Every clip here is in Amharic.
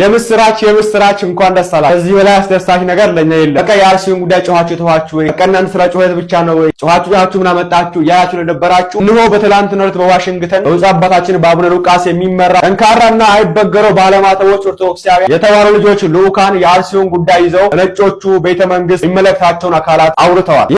የምስራች የምስራች እንኳን ደስ አላችሁ። ከዚህ በላይ አስደሳች ነገር ለኛ የለም። በቃ የአርሲውን ጉዳይ ጮኋችሁ ተዋችሁ ወይ? በቃ እናንተ ስራ ጮኸት ብቻ ነው ወይ? ጮኋችሁ ጮኋችሁ ምን አመጣችሁ? ያያችሁ ለነበራችሁ እንሆ በትላንትናው ዕለት በዋሽንግተን በብፁዕ አባታችን በአቡነ ሉቃስ የሚመራ ጠንካራና አይበገረው ባለማተቦች ኦርቶዶክሳውያን የተባሉ ልጆች ልዑካን የአርሲውን ጉዳይ ይዘው ነጮቹ ቤተ መንግስት የሚመለከታቸውን አካላት አውርተዋል።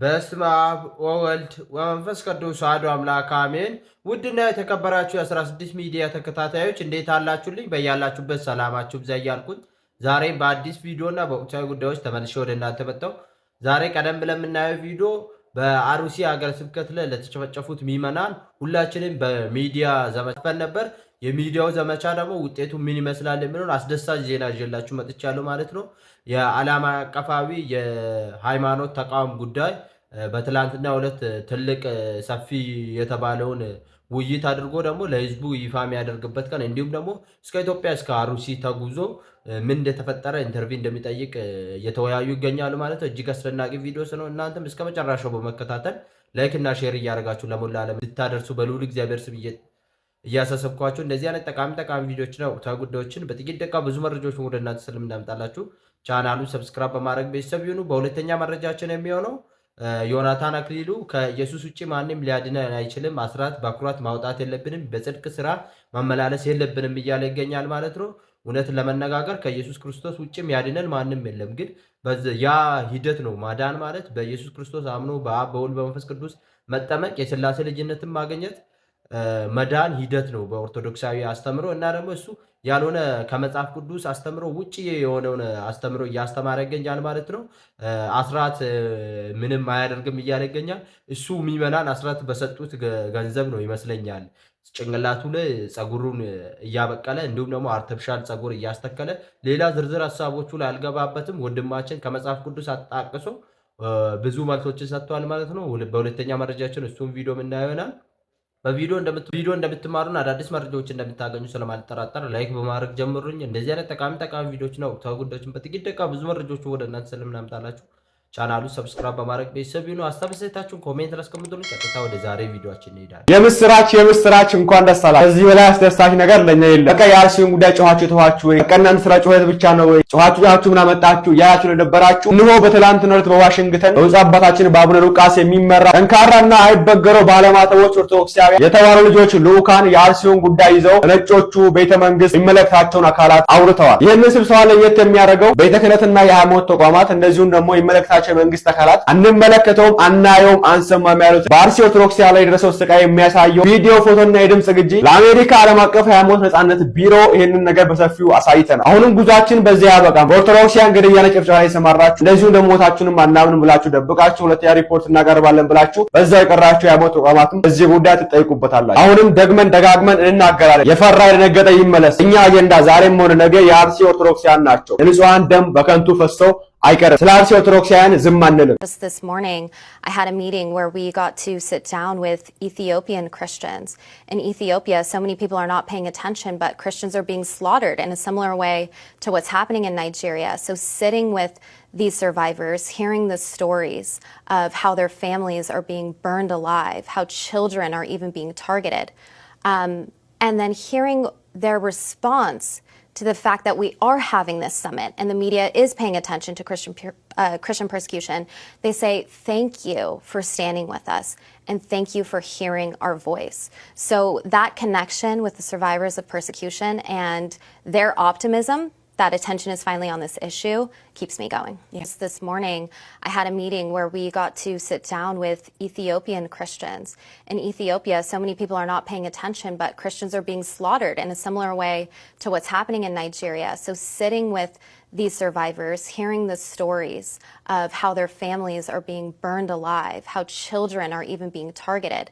በስመ አብ ወወልድ ወመንፈስ ቅዱስ አሐዱ አምላክ አሜን። ውድና የተከበራችሁ የ16 ሚዲያ ተከታታዮች እንዴት አላችሁልኝ? በያላችሁበት ሰላማችሁ ብዛ እያልኩኝ ዛሬም በአዲስ ቪዲዮ እና በወቅታዊ ጉዳዮች ተመልሼ ወደ እናንተ መጣሁ። ዛሬ ቀደም ብለን የምናየው ቪዲዮ በአሩሲ ሀገረ ስብከት ላይ ለተጨፈጨፉት ምዕመናን ሁላችንም በሚዲያ ዘመፈን ነበር። የሚዲያው ዘመቻ ደግሞ ውጤቱ ምን ይመስላል የሚለውን አስደሳች ዜና ይዤላችሁ መጥቻለሁ ማለት ነው። የዓለም አቀፋዊ የሃይማኖት ተቃውም ጉዳይ በትላንትና ዕለት ትልቅ ሰፊ የተባለውን ውይይት አድርጎ ደግሞ ለህዝቡ ይፋ የሚያደርግበት ቀን እንዲሁም ደግሞ እስከ ኢትዮጵያ እስከ አሩሲ ተጉዞ ምን እንደተፈጠረ ኢንተርቪ እንደሚጠይቅ እየተወያዩ ይገኛሉ ማለት ነው። እጅግ አስደናቂ ቪዲዮ ነው። እናንተም እስከ መጨረሻው በመከታተል ላይክ እና ሼር እያደረጋችሁ ለሞላ ዓለም ልታደርሱ በልዑል እግዚአብሔር ስም እያሳሰብኳችሁ እንደዚህ አይነት ጠቃሚ ጠቃሚ ቪዲዮዎች ነው ተጉዳዮችን በጥቂት ደቂቃ ብዙ መረጃዎች ወደ እናንተ ስለምናመጣላችሁ ቻናሉን ሰብስክራይብ በማድረግ ቤተሰብ ይሁኑ። በሁለተኛ መረጃችን የሚሆነው ዮናታን አክሊሉ ከኢየሱስ ውጭ ማንም ሊያድነን አይችልም፣ አስራት በኩራት ማውጣት የለብንም፣ በጽድቅ ስራ መመላለስ የለብንም እያለ ይገኛል ማለት ነው። እውነት ለመነጋገር ከኢየሱስ ክርስቶስ ውጭም ያድነን ማንም የለም። ግን ያ ሂደት ነው ማዳን ማለት በኢየሱስ ክርስቶስ አምኖ በአብ በወልድ በመንፈስ ቅዱስ መጠመቅ የስላሴ ልጅነትን ማግኘት መዳን ሂደት ነው በኦርቶዶክሳዊ አስተምሮ እና ደግሞ እሱ ያልሆነ ከመጽሐፍ ቅዱስ አስተምሮ ውጭ የሆነውን አስተምሮ እያስተማረ ይገኛል ማለት ነው። አስራት ምንም አያደርግም እያለ ይገኛል። እሱ የሚመናን አስራት በሰጡት ገንዘብ ነው ይመስለኛል ጭንቅላቱ ላይ ጸጉሩን እያበቀለ እንዲሁም ደግሞ አርተፊሻል ጸጉር እያስተከለ ሌላ ዝርዝር ሀሳቦቹ ላይ አልገባበትም። ወንድማችን ከመጽሐፍ ቅዱስ አጣቅሶ ብዙ መልሶችን ሰጥቷል ማለት ነው። በሁለተኛ መረጃችን እሱም ቪዲዮ ምናየሆናል በቪዲዮ እንደምትቪዲዮ እንደምትማሩና አዳዲስ መረጃዎች እንደምታገኙ ስለማልጠራጠር ላይክ በማድረግ ጀምሩኝ። እንደዚህ አይነት ጠቃሚ ጠቃሚ ቪዲዮዎችና ወቅታዊ ጉዳዮችን በጥቂት ደቂቃ ብዙ መረጃዎችን ወደ እናንተ ስለምናምጣላችሁ ቻናሉ ሰብስክራይብ በማድረግ ቤተሰብ ይሁኑ። ሀሳብ ሰታችሁን ኮሜንት ላስቀምጡልን። ቀጥታ ወደ ዛሬ ቪዲዮአችን እንሄዳለን። የምስራች የምስራች! እንኳን ደስ አላችሁ! እዚህ በላይ አስደሳች ነገር ለኛ የለም። በቃ የአርሲውን ጉዳይ ጮኋችሁ ተዋችሁ ወይ? በቃ እናንተ ስራ ጩኸት ብቻ ነው ወይ? ጮኋችሁ ጮኋችሁ ምን አመጣችሁ? ያያችሁ ለነበራችሁ እንሆ በትላንትና ዕለት በዋሽንግተን በብፁዕ አባታችን በአቡነ ሉቃስ የሚመራ ጠንካራና አይበገረው በዓለም አጠቦች ኦርቶዶክሳውያን የተባሉ ልጆች ልዑካን የአርሲውን ጉዳይ ይዘው ነጮቹ ቤተ መንግስት የሚመለከታቸውን አካላት አውርተዋል። ይህንን ስብሰባ ለየት የሚያደርገው ቤተ ክህነትና የሃይማኖት ተቋማት እንደዚሁም ደግሞ ይመለከታ የሰጣቸው የመንግስት አካላት አንመለከተውም፣ አናየውም፣ አንሰማም ያሉት በአርሲ ኦርቶዶክሲያ ላይ የደረሰው ስቃይ የሚያሳየው ቪዲዮ፣ ፎቶና የድምፅ ቅጂ ለአሜሪካ ዓለም አቀፍ ሃይማኖት ነጻነት ቢሮ ይህንን ነገር በሰፊው አሳይተናል። አሁንም ጉዟችን በዚያ ያበቃም። በኦርቶዶክሲያን ግድያና ጭፍጨፋ ላይ የሰማራችሁ እንደዚሁም ደግሞ ሞታችሁንም አናምንም ብላችሁ ደብቃችሁ ሁለተኛ ሪፖርት እናቀርባለን ብላችሁ በዛው የቀራችሁ የሃይማኖት ተቋማትም በዚህ ጉዳይ ትጠይቁበታላችሁ። አሁንም ደግመን ደጋግመን እናገራለን። የፈራ የደነገጠ ይመለስ። እኛ አጀንዳ ዛሬም ሆነ ነገ የአርሲ ኦርቶዶክሲያን ናቸው። የንጹሐን ደም በከንቱ ፈሰው አይቀርም። ስለ አርሲ ኦርቶዶክሳውያን ዝም አንልም። Just this morning I had a meeting where we got to sit down with Ethiopian Christians. In Ethiopia, so many people are not paying attention, but Christians are being slaughtered in a similar way to what's happening in Nigeria. So sitting with these survivors, hearing the stories of how their families are being burned alive, how children are even being targeted, um, and then hearing their response to the fact that we are having this summit and the media is paying attention to Christian, uh, Christian persecution, they say, thank you for standing with us and thank you for hearing our voice. So that connection with the survivors of persecution and their optimism that attention is finally on this issue keeps me going. Yes. This morning, I had a meeting where we got to sit down with Ethiopian Christians. In Ethiopia, so many people are not paying attention, but Christians are being slaughtered in a similar way to what's happening in Nigeria. So, sitting with these survivors, hearing the stories of how their families are being burned alive, how children are even being targeted,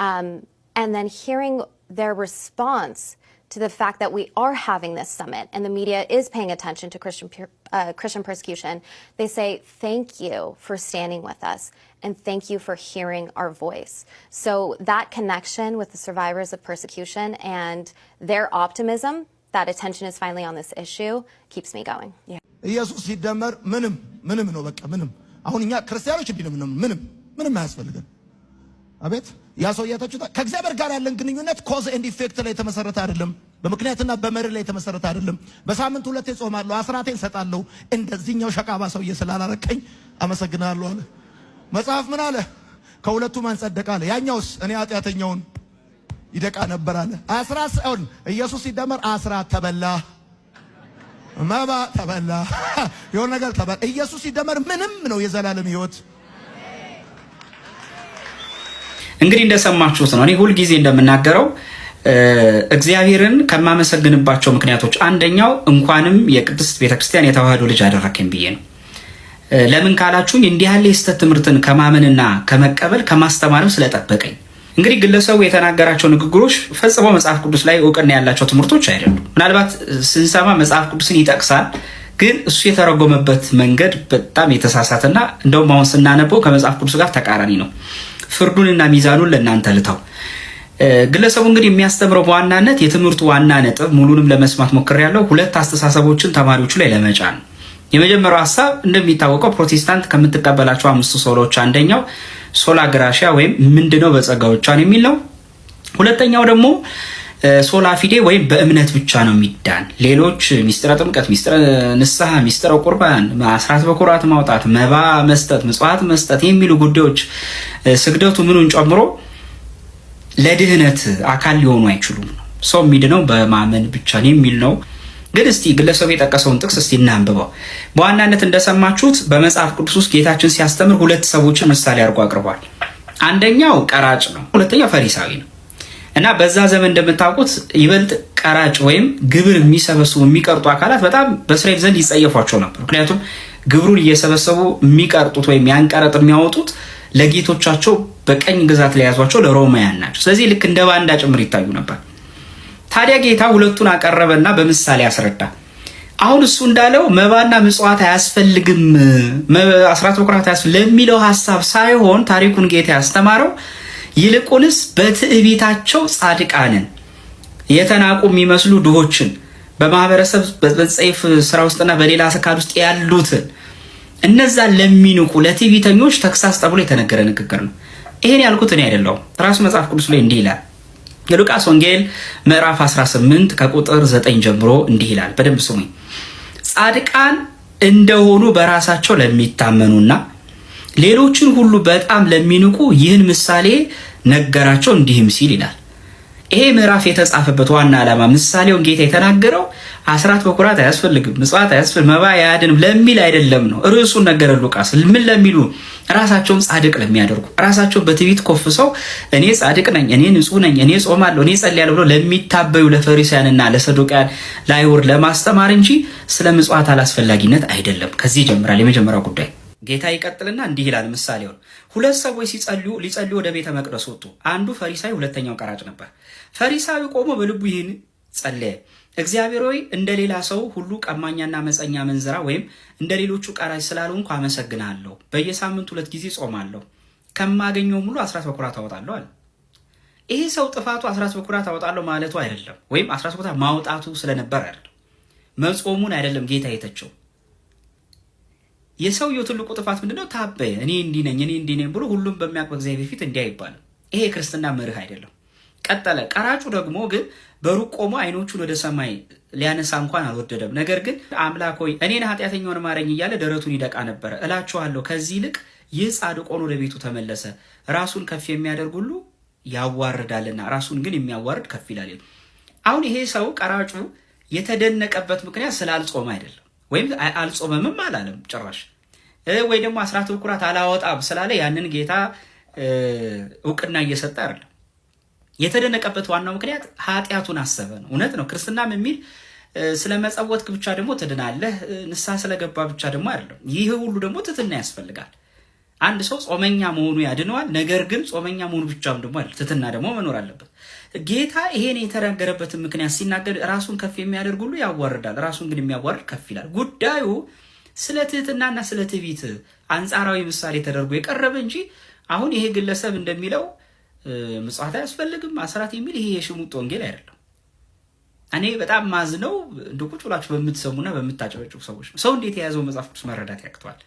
um, and then hearing their response to the fact that we are having this summit and the media is paying attention to Christian, uh, Christian persecution, they say, thank you for standing with us and thank you for hearing our voice. So that connection with the survivors of persecution and their optimism that attention is finally on this issue keeps me going. Yeah. አቤት ያ ሰው እያታችሁታ ከእግዚአብሔር ጋር ያለን ግንኙነት ኮዝ ኤንድ ኢፌክት ላይ የተመሰረተ አይደለም። በምክንያትና በመሪ ላይ የተመሰረተ አይደለም። በሳምንት ሁለቴ ጾማለሁ፣ አስራቴን ሰጣለሁ። እንደዚህኛው ሸቃባ ሰውዬ ስላላረቀኝ አመሰግናለሁ አለ። መጽሐፍ ምን አለ? ከሁለቱ ማን ጸደቀ አለ። ያኛውስ እኔ ኃጢአተኛውን ይደቃ ነበር አለ። አስራ ሰውን ኢየሱስ ሲደመር አስራ ተበላ፣ መባ ተበላ፣ የሆነ ነገር ተበላ። ኢየሱስ ሲደመር ምንም ነው የዘላለም ህይወት እንግዲህ እንደሰማችሁት ነው። እኔ ሁልጊዜ እንደምናገረው እግዚአብሔርን ከማመሰግንባቸው ምክንያቶች አንደኛው እንኳንም የቅድስት ቤተክርስቲያን የተዋህዶ ልጅ አደረከኝ ብዬ ነው። ለምን ካላችሁኝ እንዲህ ያለ የስተት ትምህርትን ከማመንና ከመቀበል ከማስተማርም ስለጠበቀኝ። እንግዲህ ግለሰቡ የተናገራቸው ንግግሮች ፈጽሞ መጽሐፍ ቅዱስ ላይ እውቅና ያላቸው ትምህርቶች አይደሉም። ምናልባት ስንሰማ መጽሐፍ ቅዱስን ይጠቅሳል፣ ግን እሱ የተረጎመበት መንገድ በጣም የተሳሳተና እንደውም አሁን ስናነበው ከመጽሐፍ ቅዱስ ጋር ተቃራኒ ነው። ፍርዱንና ሚዛኑን ለእናንተ ልተው። ግለሰቡ እንግዲህ የሚያስተምረው በዋናነት የትምህርቱ ዋና ነጥብ ሙሉንም ለመስማት ሞክሬያለሁ፣ ሁለት አስተሳሰቦችን ተማሪዎቹ ላይ ለመጫን ነው። የመጀመሪያው ሀሳብ እንደሚታወቀው ፕሮቴስታንት ከምትቀበላቸው አምስቱ ሶሎች አንደኛው ሶላ ግራሺያ ወይም ምንድነው በጸጋዎቿን የሚል ነው። ሁለተኛው ደግሞ ሶላ ፊዴ ወይም በእምነት ብቻ ነው የሚዳን። ሌሎች ሚስጥረ ጥምቀት፣ ሚስጥረ ንስሐ፣ ሚስጥረ ቁርባን፣ አስራት በኩራት ማውጣት፣ መባ መስጠት፣ ምጽዋት መስጠት የሚሉ ጉዳዮች ስግደቱ ምኑን ጨምሮ ለድህነት አካል ሊሆኑ አይችሉም። ሰው የሚድነው በማመን ብቻ ነው የሚል ነው። ግን እስቲ ግለሰቡ የጠቀሰውን ጥቅስ እስቲ እናንብበው። በዋናነት እንደሰማችሁት በመጽሐፍ ቅዱስ ውስጥ ጌታችን ሲያስተምር ሁለት ሰዎችን ምሳሌ አድርጎ አቅርቧል። አንደኛው ቀራጭ ነው፣ ሁለተኛው ፈሪሳዊ ነው። እና በዛ ዘመን እንደምታውቁት ይበልጥ ቀራጭ ወይም ግብር የሚሰበስቡ የሚቀርጡ አካላት በጣም በእስራኤል ዘንድ ይጸየፏቸው ነበር። ምክንያቱም ግብሩን እየሰበሰቡ የሚቀርጡት ወይም ያን ቀረጥ የሚያወጡት ለጌቶቻቸው በቀኝ ግዛት ላይ ያዟቸው ለሮማውያን ናቸው። ስለዚህ ልክ እንደ ባንዳ ጭምር ይታዩ ነበር። ታዲያ ጌታ ሁለቱን አቀረበና በምሳሌ አስረዳ። አሁን እሱ እንዳለው መባና ምጽዋት አያስፈልግም፣ አስራት በኩራት ለሚለው ሀሳብ ሳይሆን ታሪኩን ጌታ ያስተማረው ይልቁንስ በትዕቢታቸው ጻድቃንን የተናቁ የሚመስሉ ድሆችን በማህበረሰብ በፀይፍ ስራ ውስጥና በሌላ አሰካድ ውስጥ ያሉትን እነዛን ለሚንቁ ለትዕቢተኞች ተግሳጽ ተብሎ የተነገረ ንግግር ነው። ይሄን ያልኩት እኔ አይደለሁም። ራሱ መጽሐፍ ቅዱስ ላይ እንዲህ ይላል። የሉቃስ ወንጌል ምዕራፍ 18 ከቁጥር 9 ጀምሮ እንዲህ ይላል። በደንብ ስሙኝ። ጻድቃን እንደሆኑ በራሳቸው ለሚታመኑና ሌሎችን ሁሉ በጣም ለሚንቁ ይህን ምሳሌ ነገራቸው እንዲህም ሲል ይላል። ይሄ ምዕራፍ የተጻፈበት ዋና ዓላማ ምሳሌውን ጌታ የተናገረው አስራት በኩራት አያስፈልግም፣ ምጽዋት አያስፈልግ፣ መባ አያድንም ለሚል አይደለም ነው። ርዕሱን ነገረ ሉቃስ ምን ለሚሉ ራሳቸውን ጻድቅ ለሚያደርጉ ራሳቸውን በትዕቢት ኮፍሰው እኔ ጻድቅ ነኝ፣ እኔ ንጹህ ነኝ፣ እኔ ጾማለሁ፣ እኔ ጸልያለሁ ብለው ለሚታበዩ ለፈሪሳያንና ለሰዱቃያን ለአይሁድ ለማስተማር እንጂ ስለ ምጽዋት አላስፈላጊነት አይደለም። ከዚህ ይጀምራል የመጀመሪያው ጉዳይ። ጌታ ይቀጥልና እንዲህ ይላል። ምሳሌውን ሁለት ሰዎች ሲጸልዩ ሊጸልዩ ወደ ቤተ መቅደስ ወጡ። አንዱ ፈሪሳዊ፣ ሁለተኛው ቀራጭ ነበር። ፈሪሳዊ ቆሞ በልቡ ይህን ጸለየ፣ እግዚአብሔር ሆይ እንደ ሌላ ሰው ሁሉ ቀማኛና መፀኛ መንዝራ ወይም እንደ ሌሎቹ ቀራጭ ስላልሆንኩ አመሰግናለሁ። በየሳምንት ሁለት ጊዜ ጾማለሁ፣ ከማገኘውም ሁሉ አስራት በኩራት አወጣለሁ አለ። ይህ ሰው ጥፋቱ አስራት በኩራት አወጣለሁ ማለቱ አይደለም፣ ወይም አስራት በኩራት ማውጣቱ ስለነበር አይደለም፣ መጾሙን አይደለም ጌታ የተቸው የሰውየው ትልቁ ጥፋት ምንድነው? ታበየ። እኔ እንዲህ ነኝ እኔ እንዲህ ነኝ ብሎ ሁሉም በሚያውቅ በእግዚአብሔር ፊት እንዲህ አይባልም። ይሄ ክርስትና መርህ አይደለም። ቀጠለ። ቀራጩ ደግሞ ግን በሩቅ ቆሞ አይኖቹን ወደ ሰማይ ሊያነሳ እንኳን አልወደደም። ነገር ግን አምላክ ሆይ እኔን ኃጢአተኛውን ማረኝ እያለ ደረቱን ይደቃ ነበረ። እላችኋለሁ ከዚህ ይልቅ ይህ ጻድቅ ሆኖ ወደ ቤቱ ተመለሰ። ራሱን ከፍ የሚያደርግ ሁሉ ያዋርዳልና ራሱን ግን የሚያዋርድ ከፍ ይላል። አሁን ይሄ ሰው ቀራጩ የተደነቀበት ምክንያት ስላልጾመ አይደለም። ወይም አልጾመምም አላለም ጭራሽ። ወይ ደግሞ አስራት በኩራት አላወጣም ስላለ ያንን ጌታ እውቅና እየሰጠ አይደለም። የተደነቀበት ዋናው ምክንያት ኃጢአቱን አሰበ ነው። እውነት ነው። ክርስትናም የሚል ስለ መጸወትክ ብቻ ደግሞ ትድናለህ፣ ንስሐ ስለገባ ብቻ ደግሞ አይደለም። ይህ ሁሉ ደግሞ ትትና ያስፈልጋል። አንድ ሰው ጾመኛ መሆኑ ያድነዋል። ነገር ግን ጾመኛ መሆኑ ብቻም ደግሞ አይደለም፣ ትትና ደግሞ መኖር አለበት። ጌታ ይሄን የተናገረበትን ምክንያት ሲናገር ራሱን ከፍ የሚያደርግ ሁሉ ያዋርዳል፣ ራሱን ግን የሚያዋርድ ከፍ ይላል። ጉዳዩ ስለ ትህትናና ስለ ትዕቢት አንጻራዊ ምሳሌ ተደርጎ የቀረበ እንጂ አሁን ይሄ ግለሰብ እንደሚለው ምጽዋት አያስፈልግም አስራት የሚል ይሄ የሽሙጥ ወንጌል አይደለም። እኔ በጣም ማዝነው እንደ ቁጭ ብላችሁ በምትሰሙና በምታጨበጭቡ ሰዎች ነው። ሰው እንዴት የያዘው መጽሐፍ ቅዱስ መረዳት ያቅተዋል?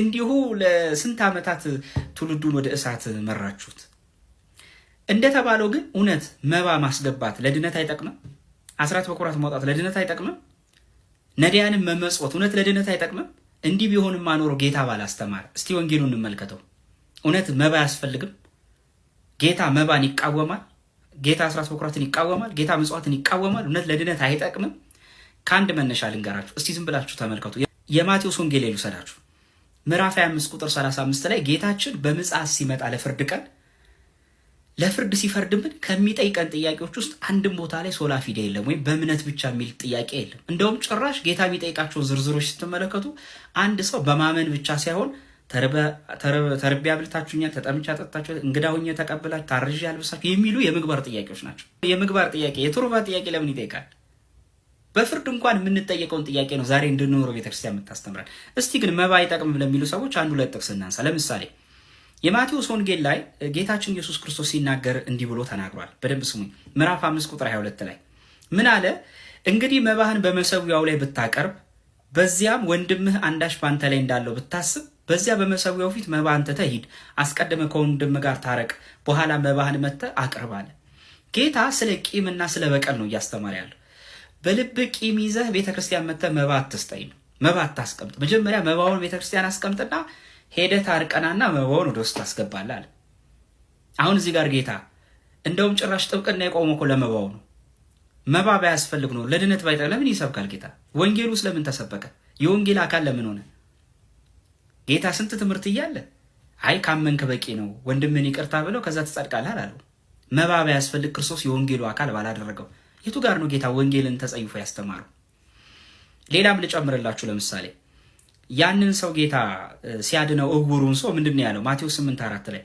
እንዲሁ ለስንት ዓመታት ትውልዱን ወደ እሳት መራችሁት። እንደተባለው ግን እውነት መባ ማስገባት ለድነት አይጠቅምም? አስራት በኩራት ማውጣት ለድነት አይጠቅምም? ነዳያንም መመጽወት እውነት ለድነት አይጠቅምም? እንዲህ ቢሆንም ማኖሮ ጌታ ባላስተማር። እስቲ ወንጌሉ እንመልከተው። እውነት መባ አያስፈልግም? ጌታ መባን ይቃወማል። ጌታ አስራት በኩራትን ይቃወማል። ጌታ ምጽዋትን ይቃወማል። እውነት ለድነት አይጠቅምም? ከአንድ መነሻ ልንገራችሁ እስቲ፣ ዝም ብላችሁ ተመልከቱ። የማቴዎስ ወንጌል ልውሰዳችሁ ምዕራፍ 25 ቁጥር 35 ላይ ጌታችን በምጽአት ሲመጣ ለፍርድ ቀን ለፍርድ ሲፈርድብን ከሚጠይቀን ጥያቄዎች ውስጥ አንድም ቦታ ላይ ሶላ ፊደ የለም ወይም በእምነት ብቻ የሚል ጥያቄ የለም። እንደውም ጭራሽ ጌታ የሚጠይቃቸውን ዝርዝሮች ስትመለከቱ አንድ ሰው በማመን ብቻ ሳይሆን ተርቤ አብልታችሁኛል፣ ተጠምቼ አጠጣችሁ፣ እንግዳ ሆኜ ተቀብላችሁ፣ ታርዤ አልብሳችሁ የሚሉ የምግባር ጥያቄዎች ናቸው። የምግባር ጥያቄ የትሩፋት ጥያቄ ለምን ይጠይቃል? በፍርድ እንኳን የምንጠየቀውን ጥያቄ ነው ዛሬ እንድንኖረው ቤተክርስቲያን የምታስተምራል። እስቲ ግን መባ አይጠቅምም ለሚሉ ሰዎች አንድ ሁለት ጥቅስ እናንሳ። ለምሳሌ የማቴዎስ ወንጌል ላይ ጌታችን ኢየሱስ ክርስቶስ ሲናገር እንዲህ ብሎ ተናግሯል። በደንብ ስሙኝ። ምዕራፍ 5 ቁጥር 22 ላይ ምን አለ? እንግዲህ መባህን በመሰዊያው ላይ ብታቀርብ፣ በዚያም ወንድምህ አንዳች ባንተ ላይ እንዳለው ብታስብ፣ በዚያ በመሰዊያው ፊት መባህን ትተህ ሂድ፣ ከወንድም ጋር ታረቅ፣ በኋላ መባህን መጥተህ አቅርብ አለ። ጌታ ስለ ቂምና ስለ በቀል ነው እያስተማር ያለ። በልብ ቂም ይዘህ ቤተክርስቲያን መጥተህ መባ አትስጠኝ ነው፣ መባ አታስቀምጥ። መጀመሪያ መባውን ቤተክርስቲያን አስቀምጥና ሄደት ታርቀናና መበውን ወደ ውስጥ ታስገባለህ አለ። አሁን እዚህ ጋር ጌታ እንደውም ጭራሽ ጥብቅና የቆመው እኮ ለመባው ነው። መባ ባያስፈልግ ነው ለድነት ባይጠቅ ለምን ይሰብካል ጌታ? ወንጌሉ ውስጥ ለምን የወንጌል አካል ለምን ሆነ ጌታ? ስንት ትምህርት እያለ አይ ካመንክ በቂ ነው ወንድምን ይቅርታ ብለው ከዛ ትጸድቃለህ አላለው። መባ ባያስፈልግ ክርስቶስ የወንጌሉ አካል ባላደረገው የቱ ጋር ነው ጌታ ወንጌልን ተጸይፎ ያስተማረው? ሌላም ልጨምርላችሁ ለምሳሌ ያንን ሰው ጌታ ሲያድነው እውሩን ሰው ምንድን ነው ያለው? ማቴዎስ 8 አራት ላይ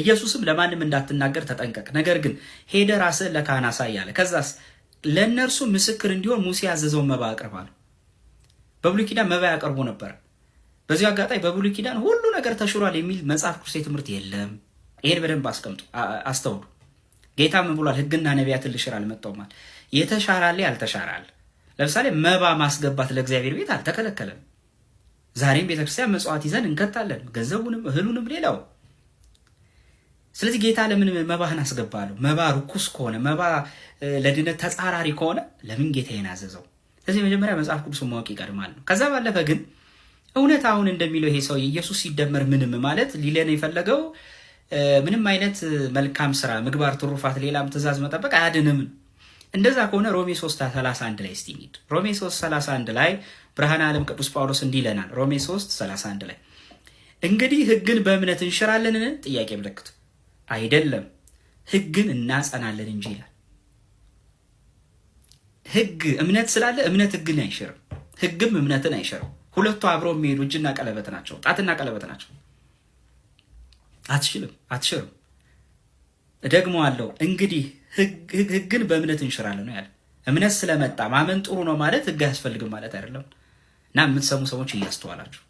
ኢየሱስም ለማንም እንዳትናገር ተጠንቀቅ፣ ነገር ግን ሄደ ራስ ለካህን አሳይ አለ። ከዛስ ለእነርሱ ምስክር እንዲሆን ሙሴ ያዘዘውን መባ አቅርብ አለ። በብሉይ ኪዳን መባ ያቀርቡ ነበር። በዚሁ አጋጣሚ በብሉይ ኪዳን ሁሉ ነገር ተሽሯል የሚል መጽሐፍ ቅዱስ ትምህርት የለም። ይሄን በደንብ አስቀምጡ፣ አስተውሉ። ጌታ ምን ብሏል? ህግና ነቢያትን ልሽር አልመጣሁም አለ። የተሻራል አልተሻራል። ለምሳሌ መባ ማስገባት ለእግዚአብሔር ቤት አልተከለከለም። ዛሬም ቤተክርስቲያን መጽዋት ይዘን እንከታለን፣ ገንዘቡንም እህሉንም ሌላው። ስለዚህ ጌታ ለምን መባህን አስገባለሁ? መባ ርኩስ ከሆነ መባ ለድነት ተጻራሪ ከሆነ ለምን ጌታ አዘዘው? ስለዚህ መጀመሪያ መጽሐፍ ቅዱስ ማወቅ ይቀድማል ነው። ከዛ ባለፈ ግን እውነት አሁን እንደሚለው ይሄ ሰው ኢየሱስ ሲደመር ምንም ማለት ሊለን የፈለገው ምንም አይነት መልካም ስራ፣ ምግባር፣ ትሩፋት፣ ሌላም ትእዛዝ መጠበቅ አያድንም ነው እንደዛ ከሆነ ሮሜ 3 31 ላይ እስቲ እንሂድ። ሮሜ 3 31 ላይ ብርሃነ ዓለም ቅዱስ ጳውሎስ እንዲህ ይለናል። ሮሜ 3 31 ላይ እንግዲህ ሕግን በእምነት እንሽራለንን? ጥያቄ ምልክት አይደለም፣ ሕግን እናጸናለን እንጂ ይላል። ሕግ እምነት ስላለ እምነት ሕግን አይሽርም፣ ሕግም እምነትን አይሽርም። ሁለቱ አብረው የሚሄዱ እጅና ቀለበት ናቸው፣ ጣትና ቀለበት ናቸው። አትችልም፣ አትሽርም። ደግሞ አለው እንግዲህ ህግን በእምነት እንሽራለን ነው ያለ። እምነት ስለመጣ ማመን ጥሩ ነው ማለት ህግ አያስፈልግም ማለት አይደለም። እና የምትሰሙ ሰዎች እያስተዋላችሁ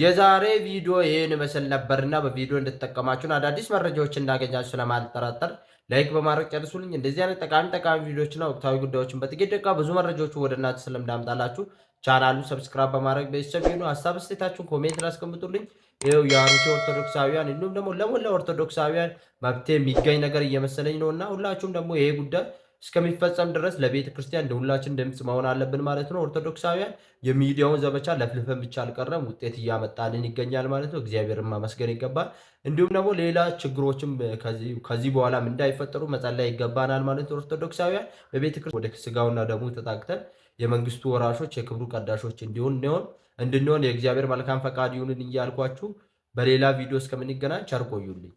የዛሬ ቪዲዮ ይህን ይመስል ነበርና በቪዲዮ እንደተጠቀማችሁን አዳዲስ መረጃዎች እንዳገኛችሁ ስለማልጠራጠር ላይክ በማድረግ ጨርሱልኝ። እንደዚህ አይነት ጠቃሚ ጠቃሚ ቪዲዮዎችና ወቅታዊ ጉዳዮችን በጥቂት ደቂቃ ብዙ መረጃዎቹ ወደ እናንተ ስለምዳምጣላችሁ ቻናሉን ሰብስክራይብ በማድረግ ቤተሰብ ሀሳብ ስቴታችሁን ኮሜንት ላስቀምጡልኝ። ይኸው የአሩሲ ኦርቶዶክሳውያን እንዲሁም ደግሞ ለሞላ ኦርቶዶክሳውያን መፍትሄ የሚገኝ ነገር እየመሰለኝ ነው እና ሁላችሁም ደግሞ ይሄ ጉዳይ እስከሚፈጸም ድረስ ለቤተ ክርስቲያን ለሁላችን ድምፅ መሆን አለብን ማለት ነው። ኦርቶዶክሳውያን የሚዲያውን ዘመቻ ለፍልፈን ብቻ አልቀረም፣ ውጤት እያመጣልን ይገኛል ማለት ነው። እግዚአብሔርን ማመስገን ይገባል። እንዲሁም ደግሞ ሌላ ችግሮችም ከዚህ በኋላም እንዳይፈጠሩ መጸለይ ይገባናል ማለት ነው። ኦርቶዶክሳውያን በቤተ ክርስቲያን ወደ ስጋውና ደሙ ተጣቅተን የመንግስቱ ወራሾች የክብሩ ቀዳሾች እንዲሆን ሆን እንድንሆን የእግዚአብሔር መልካም ፈቃድ ይሁንን እያልኳችሁ በሌላ ቪዲዮ እስከምንገናኝ ቸር ቆዩልኝ።